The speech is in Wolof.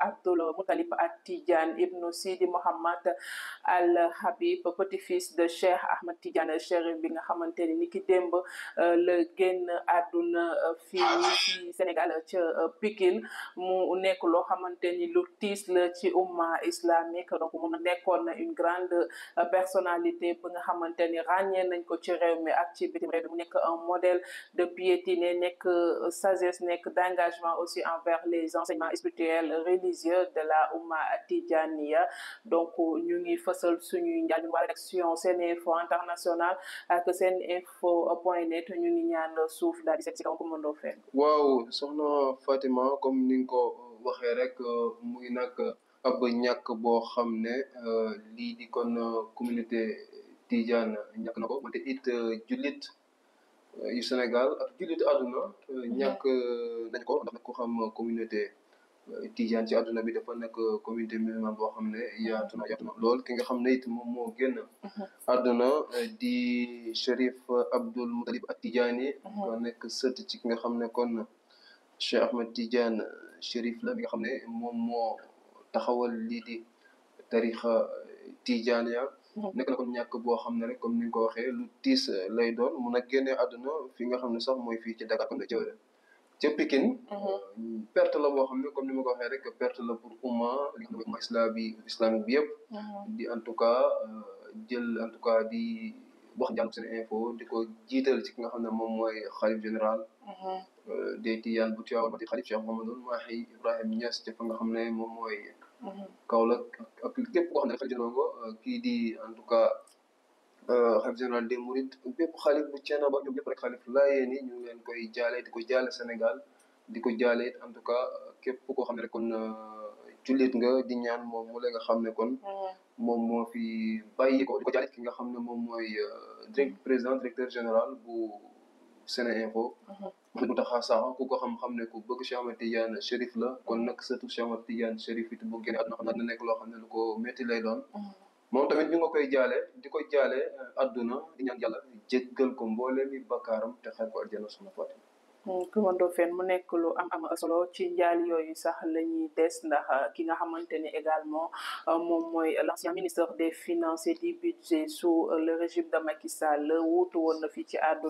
Abdul Muttalib At-Tidjane ibnu Sidi Mohammad Al Habib petit-fils de Cheikh Ahmad Tidjane Chérif bi nga xamante ni ki démb euh, la génn àdduna euh, fi ci Sénégal ca euh, Pikine mu nekk loo xamante ni lu tiis la ci umma islamique donc mu nekkoon na une grande personnalité ba nga xamante ni ràññee nañ ko ci réew mi ak ci bitim réew mu nekk un modèle de piété nekk sagesse nekk d'engagement aussi envers les enseignements spirituels religieux religieux de la donc ñu ngi fësal suñuy njàng wala action seen info international ak seen waaw soxna Fatima comme ni nga ko waxee rek muy nag ab ñàkk boo xam ne euh, lii di euh, communauté Tidjane ñàkk na ko wante it euh, jullit yu Sénégal ak jullit àdduna ñàkk nañ ko ndax Tijaan ci àdduna bi dafa nekk euh, communauté musulmane boo xam ne yaatu na lool ki nga xam ne it moom moo génn uh-huh. àdduna euh, di Chérif Abdoul Moutalib ak Tijaani ko uh-huh. nekk sët ci ki nga xam ne kon Cheikh Ahmed Tidiane euh, la bi nga xam ne moom moo taxawal lii di tarixa Tijaaniya uh-huh. nekk na kon ñàkk boo xam ne rek comme ni nga ko waxee lu tiis lay doon mun a génnee àdduna fi nga xam ne sax mooy fii ci Dakar kon la jëwale ca Pikine mhm. euh, perte la boo xam ne comme ni ma ko waxee rek perte la pour umma li nga islam bi islamique bi yëpp mhm. di en tout cas euh, jël en tout cas di wax jàll seen info di ko jiital ci ki nga xam ne moom mooy xalif général mhm. euh, des Tidiane bu Tiwaawan di xalif Cheikh Mouhamadoul Mahi Ibrahima Niass ca fa nga xam ne moom mooy Kaolack ak képp koo ne xalif général ko kii di en tout cas xalif euh, général des Mourides bépp xalif bu Thiénaba ak bépp rek xalif Laayeen yi ñu leen koy jaale di ko Sénégal di ko jaale en tout cas euh, képp koo xam ne rek kon euh, jullit nga di ñaan moom mu la nga xam ne kon. Mm. moom moo fi bàyyi ko di ko jaale ki nga xam ne moom mooy direct président directeur général bu Sénéinfo. Mouhamed mm-hmm. Mountakha Sakho ku ko xam-xam ne ku bëgg Cheikh Ahmed Tidiane Chérif la kon mm-hmm. nag surtout Cheikh Ahmed Tidiane it bu génne àdduna xam na loo xam ne lu ko métti lay doon. Mm-hmm. moom tamit ñu nga koy jaale di ko jaale euh, àdduna di ñaan yàlla jéggal ko mboole mi bakkaaram te xel ko aljana suma hmm, fatima kumandoo fen mu nekk lu am am solo ci njaal yooyu sax la ñuy des ndax euh, ki nga xamante ni également euh, moom mooy l'ancien ministre des finances et du budget sous le régime de Macky Sall wuutu woon na fii ci àdduna